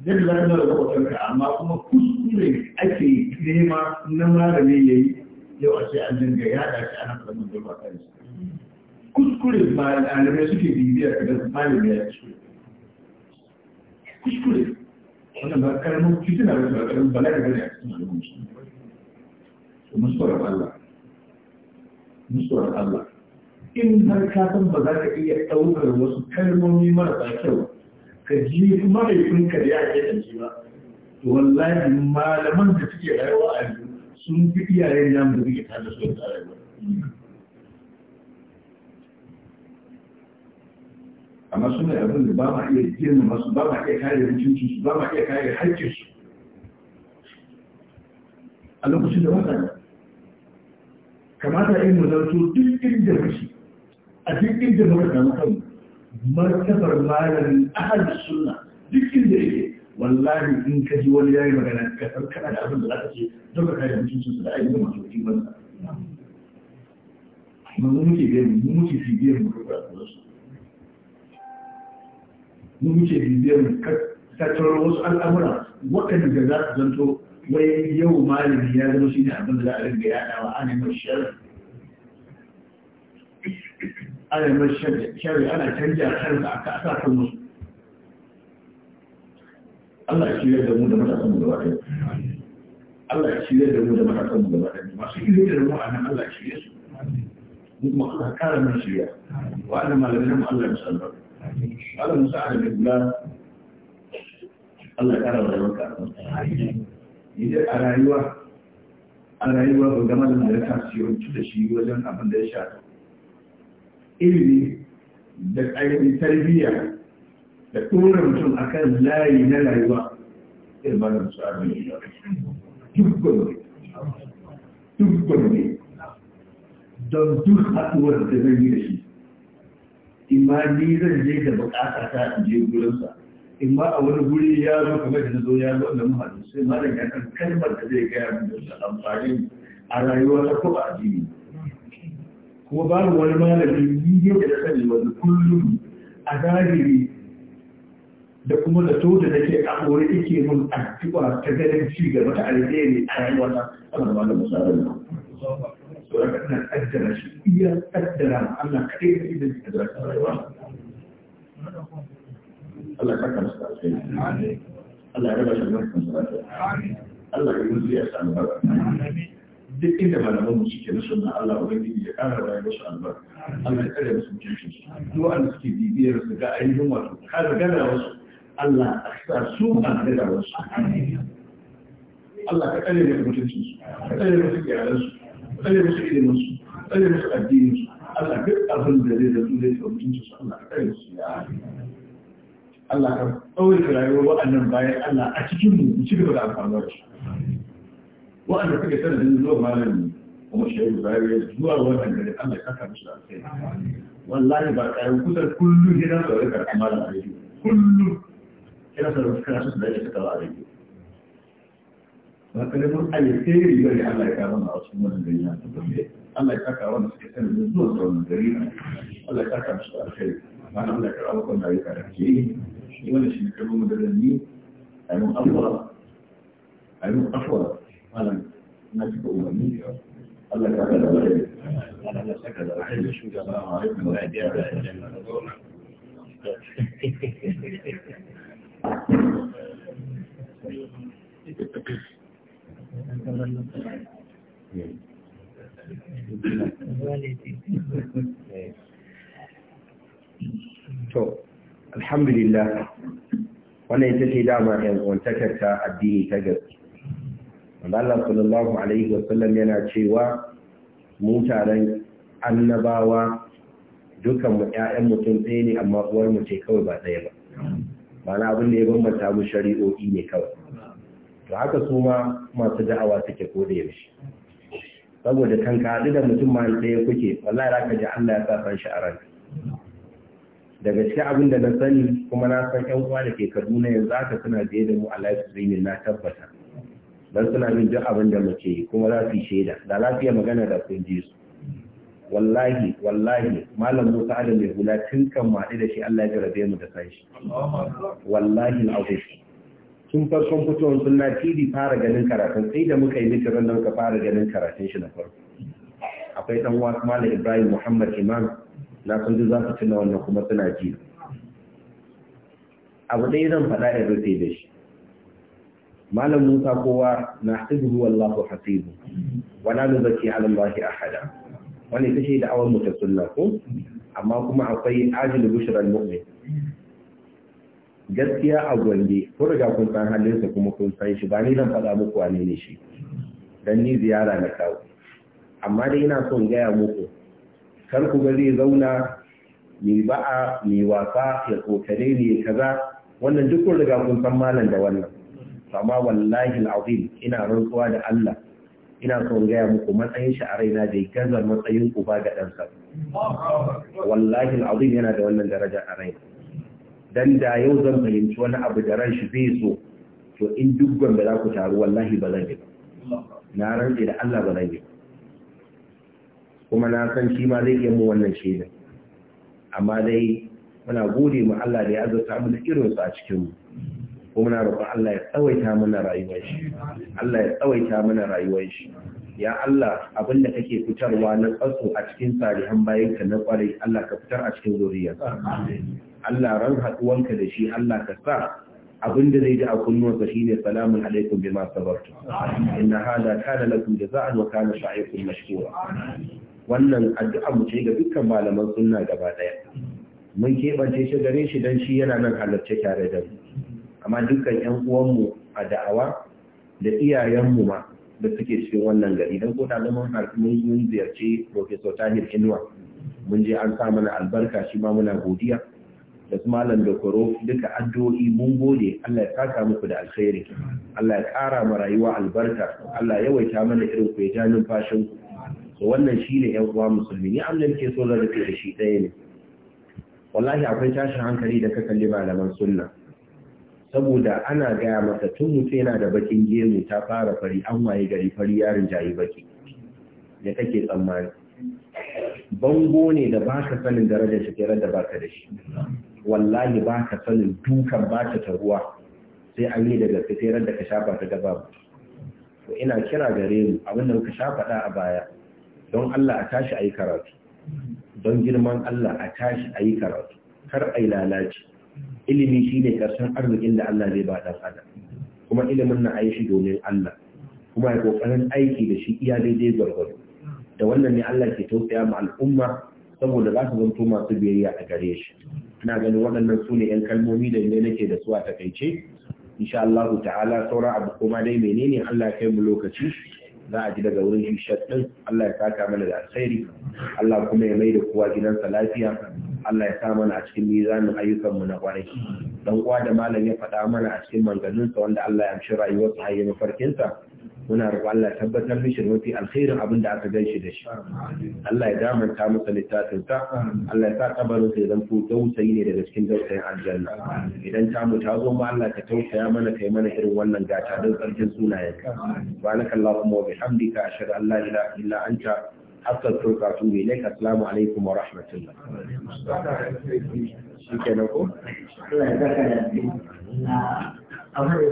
zai lalata da kwatanka amma kuma kuskure ake nema na malami ya yi yau a ce an dinga yada shi ana samun jama'a kan shi kuskure ba malamai suke bibiyar da malami ya ci kuskure wannan ba karamin fitina ba ba karamin bala'i bane a cikin al'umma to musuwar Allah musuwar Allah in har ka san ba za ka iya ɗaukar wasu kalmomi marasa kyau ka ji mahaifinka da ya ke da ji ba wallahi malaman da suke rayuwa a yanzu sun fi iyayen namu da suke tada su da rayuwa amma suna abin da ba ma iya girma masu ba ma iya kare mutuncin su ba ma iya kare haƙƙin su a lokacin da wata kamata yin mu zarto duk inda muke a duk inda muka samu kanmu martabar malamin ahal sunna dukkan da yake wallahi in ka ji wani yayi magana ka san kana da abin da za ka ce don ka kare mutuncin su da ayyuka masu cikin banza mun muke ga mu muke bibiyar mu ka kula su mu muke bibiyar mu ka tattaro wasu al'amura waɗanda za su zanto wai yau malami ya zama shi ne abin da za a ringa yaɗawa ana mai sharri ana shari'a shari ana canja shari da aka asa kan musu Allah ya shirya da mu da matasan mu gaba Allah ya shirya da mu da matasan mu gaba masu ilimi da mu a nan Allah ya shirya su mu kuma Allah kara mun shirya wa ana malamai mu Allah ya musallar Allah musa a da gula Allah ya kara rayuwar ka idan a rayuwa a rayuwa ba ga gama da malaka su yawanci da shi wajen abin da ya shafi ilimi da ainihin tarbiyya da ɗora mutum a kan layi na rayuwa irmanin su abin duk gwamnati duk gwamnati don duk haɗuwar da zan yi da shi imma ni zan je da buƙata ta in je gurinsa imma a wani guri ya zo kamar da na zo ya zo da muhallu sai ma da ya kan kalmar da zai gaya min da amfani a rayuwa ta ko a addini kuma ba babu wani malami ni bidiyo da sani wani kullum a zahiri da kuma da to da ke a kore yake mun addu'a ta ganin ci gaba ta alheri a rayuwa ta Allah ba da musalan nan to da kana kaddara shi iya kaddara Allah kai ne da kaddara ta rayuwa Allah ka kama sa amin Allah ya raba shi da kan sa amin Allah ya musu ya samu barka amin duk inda da mu suke na suna Allah ubangiji ya kara ya wasu albarka Allah ya kare musu mutuncin su duk wanda suke bibiyar su ga ainihin wasu kada gadawar wasu, Allah a sa su a gadawar wasu Allah ka kare da mutuncin su ka kare musu iyalan su ka kare musu ilimin su ka kare musu addinin su Allah duk abin da zai zato zai tsaro mutuncin su Allah ka kare musu ya Allah ka ɗaure rayuwar wa'annan bayan Allah a cikin mu ci gaba da amfani da su wa'anda suka sanadin zuwa malami kuma shaidu zariya zuwa wannan gari Allah ya kasa mishi alkhairi wallahi ba kayan kusan kullum yana da wani karatu malam a rediyo kullum yana da wasu karatu da yake kawo a rediyo ba karamin alkhairi gari Allah ya kawo a cikin wannan gari na Allah ya kasa wanda suka sanadin zuwa wannan gari na Allah ya musu da alkhairi ma'ana Allah ya kawo wannan ayyuka da ke yi shi wannan shi ne mu madadin ni a yi mun afuwa a yi mun afuwa malam na cika umarni Allah ka kada Allah ya saka da shugaba wa alaikum wa biyar da aljanna To, alhamdulillah, wannan ita ce dama ‘yan wantakar ta addini ta gaske. Allah sallallahu alaihi wasallam yana cewa mu taron annabawa dukan mu ƴaƴan mutum ɗaya ne amma uwar mu ce kawai ba ɗaya ba na abin da ya bambanta mu shari'o'i ne kawai to haka su ma masu da'awa suke ko da yaushe saboda kan haɗu da mutum ma ɗaya kuke wallahi za ka ji Allah ya sa shi a ranka daga cikin abin da na sani kuma na san 'yan uwa da ke Kaduna yanzu haka suna biye da mu a live streaming na tabbata don suna bin duk abin da muke kuma za su yi shaida da lafiya magana da kun ji su wallahi wallahi malam Musa Adam mai hula tun kan maɗi da shi Allah ya jarabe mu da sashi shi wallahi al'azim tun farkon fitowar sunna TV fara ganin karatun sai da muka yi mitirin da ka fara ganin karatun shi na farko akwai dan wa malam Ibrahim Muhammad Imam na san ji za su tuna wannan kuma suna ji abu ɗaya zan faɗa da rufe da shi malam Musa kowa na hasibuhu wallahu hasibu wa la nuzaki ala Allah ahada wani ta shi da'awar mu ta sunna ko amma kuma akwai ajilu bushral mu'min gaskiya a gwande ko riga kun san sa kuma kun san shi ba ni zan faɗa muku wane ne shi dan ni ziyara na kawo amma dai ina son gaya muku kar ku ga zai zauna mai ba'a mai wasa ya kokare ne kaza wannan duk kun riga kun san malam da wannan amma wallahi al'azim ina rantsuwa da Allah ina son gaya muku matsayin shi a raina da gaza matsayin ku ba ga ɗansa wallahi al'azim yana da wannan daraja a raina dan da yau zan fahimci wani abu da ran shi zai so to in dubban da za ku taru wallahi ba zan yi na rantsi da Allah ba zan yi kuma na san shi ma zai iya mu wannan shaidan amma dai muna gode mu Allah da ya azurta mu da irinsu a cikin mu ko muna roƙon Allah ya tsawaita mana rayuwar shi Allah ya tsawaita mana rayuwar shi ya Allah abin da kake fitarwa na tsatso a cikin salihan bayanka na kwarai Allah ka fitar a cikin zuriyarsa Allah ran haɗuwanka da shi Allah ka sa abin da zai ji a ka shine salamun alaikum bima sabartu inna hada kana lakum jaza'an wa kana sha'ikum mashkura wannan addu'a mu ce ga dukkan malaman sunna gaba daya mun keɓance shi gare shi dan shi yana nan halarce tare da mu amma dukkan yan uwanmu a da'awa da iyayenmu ma da suke cikin wannan gari Dan ko da mun harfi mun ziyarci professor tahir inuwa mun je an sa mana albarka shi ma muna godiya da su malam da koro duka addu'o'i mun gode Allah ya saka muku da alkhairi Allah ya kara ma rayuwa albarka Allah ya yawaita mana irin ku ya ja numfashin ku to wannan shine ƴan uwa musulmi ni amma ke so da rufe da shi ɗaya ne wallahi akwai tashin hankali da ka kalli malaman sunna saboda ana gaya masa tun mutum yana da bakin gemu ta fara fari an waye gari fari yarin jayi baki da kake tsammani bango ne da ba ka sanin darajar shi da ba ka da shi wallahi ba ka sanin dukan ba ta ruwa sai an yi daga fitirar da ka shafa ta gaba to ina kira gare mu abinda ka shafa da a baya don Allah a tashi a yi karatu don girman Allah a tashi a yi karatu kar a yi lalaci ilimi shi ne karshen arzikin da Allah zai ba dan adam kuma ilimin na ayi shi domin Allah kuma ya kokarin aiki da shi iya daidai gwargwado da wannan ne Allah ke tausaya ma al'umma saboda za su zanto masu biyayya a gare shi ina ganin waɗannan su ne 'yan kalmomi da ne nake da su a takaice insha Allah ta'ala saura abu kuma dai menene Allah ya kai mu lokaci za a ji daga wurin shi ɗin? Allah ya saka mana da alkhairi Allah kuma ya mai da kowa gidansa lafiya Allah ya sa mana a cikin mizanin ayyukanmu na kwarai dan uwa da malam ya faɗa mana a cikin manganinsa wanda Allah ya amshi rayuwarsa a yi mafarkinsa muna roƙon Allah tabbatar mishi mafi alkhairin abin da aka gaishe da shi Allah ya ta masa littafin ta Allah ya sa kabarin sa zan fu tausayi ne daga cikin tausayin aljanna idan ta mu ta zo mu Allah ka tausaya mana kai mana irin wannan gata don tsarkin sunayen ka kalla kuma wa bihamdika ashhadu an la ilaha illa anta astaghfiruka wa atubu ilaik assalamu alaikum wa rahmatullah ko Allah ya da